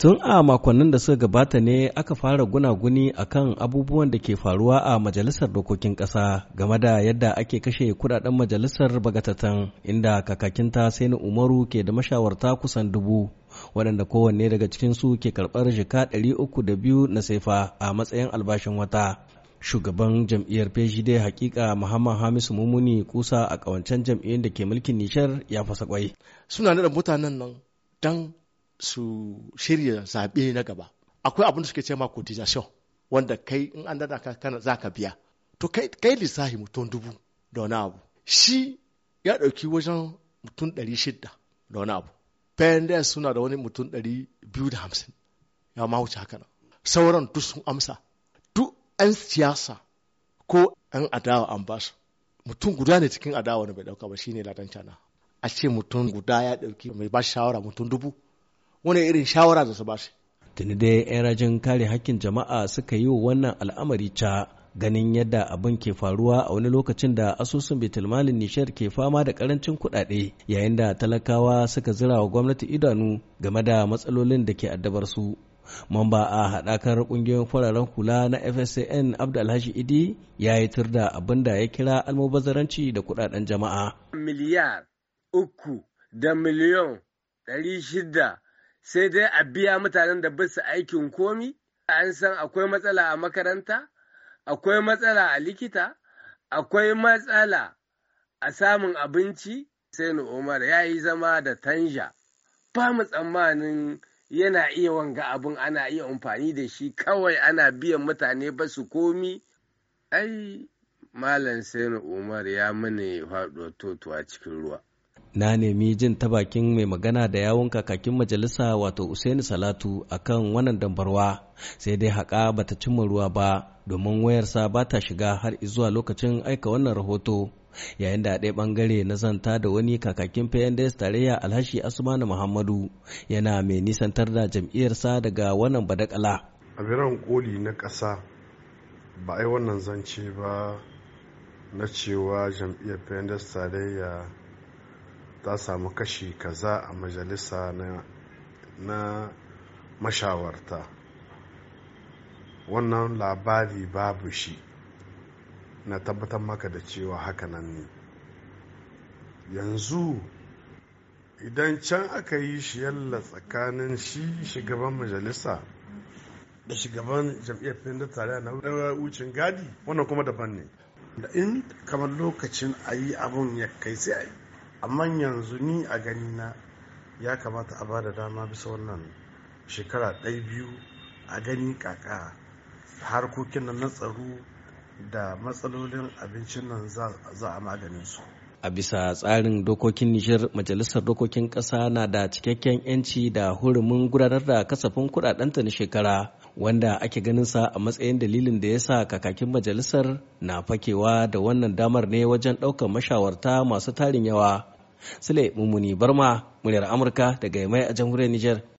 Tun a makonnin da suka gabata ne aka fara gunaguni a kan abubuwan da ke faruwa a Majalisar Dokokin Ƙasa game da yadda ake kashe kudaden Majalisar Bagatatan inda kakakinta Sainu Umaru ke da mashawarta kusan dubu waɗanda kowanne daga cikinsu ke karɓar jika ɗari uku da biyu na saifa a matsayin albashin wata. Shugaban jam'iyyar dai hakika Muhammad Hamisu Mumuni kusa a ƙawancen jam'iyyar da ke mulkin Nishar ya fasa kwai. Suna da mutanen nan dan su shirya zaɓe na gaba akwai abin da suke ce ma cotization wanda kai in an dada ka kana zaka biya to kai kai lissafi mutum dubu da wani abu shi ya ɗauki wajen mutum ɗari shida da wani abu bayan suna da wani mutum ɗari biyu da hamsin ya ma wuce haka sauran duk sun amsa duk 'yan siyasa ko 'yan adawa an ba su mutum guda ne cikin adawa ne bai ɗauka ba shine ladan cana a ce mutum guda ya ɗauki mai ba shawara mutum dubu wani irin shawara za su ba shi tuni dai yan rajin kare hakkin jama'a suka yi wa wannan al'amari ca ganin yadda abin ke faruwa a wani lokacin da asusun bitulmalin nishar ke fama da karancin kuɗaɗe yayin da talakawa suka zira wa gwamnati idanu game da matsalolin da ke addabar su mamba a haɗakar ƙungiyoyin fararen kula na fsan abdulhashi idi ya yi tur da abin da ya kira almubazaranci da kuɗaɗen jama'a miliyar uku da miliyon ɗari shida sai dai a biya mutanen da ba su aikin komi an san akwai matsala a makaranta akwai matsala a likita akwai matsala a samun abinci sai na umar ya yi zama da tanja ba mu tsammanin yana iya wanga abin ana iya amfani da shi kawai ana biyan mutane ba su komi ai malam sai umar ya mini faɗo totuwa cikin ruwa na nemi jin ta bakin mai magana da yawon kakakin majalisa wato Usaini Salatu akan wannan dambarwa sai dai haƙa bata cimma ruwa ba domin wayarsa ba ta shiga har zuwa lokacin aika wannan rahoto yayin da a ɗaya ɓangare na zanta da wani kakakin PNDS tarayya Alhashi Asmanu Muhammadu yana mai nisantar da jam'iyyarsa daga wannan badakala. A biran koli na ƙasa ba a yi wannan zance ba na cewa jam'iyyar PNDS tarayya ta samu kashi kaza a majalisa na mashawarta wannan labari babu shi na tabbatar maka da cewa hakanan ne yanzu idan can aka yi shi yalla tsakanin shi shugaban majalisa da shugaban jam'iyyar da tare na wucin gadi wannan kuma daban ne da in kamar lokacin ayi yi abun ya kai sai a amma yanzu ni a gani na ya kamata a bada dama bisa wannan shekara ɗaya biyu a gani kaka harkokin na tsaro da matsalolin abincin nan za a maganin su a bisa tsarin dokokin Nijar majalisar dokokin ƙasa na da cikakken 'yanci da hurumin gudanar da kasafin kudadenta na shekara wanda ake ganin sa a matsayin dalilin da ya sa kakakin majalisar na fakewa da wannan damar ne wajen ɗaukar mashawarta masu tarin yawa. Sule Mummuni Barma, muryar Amurka daga Yamai a jamhuriyar Nijar.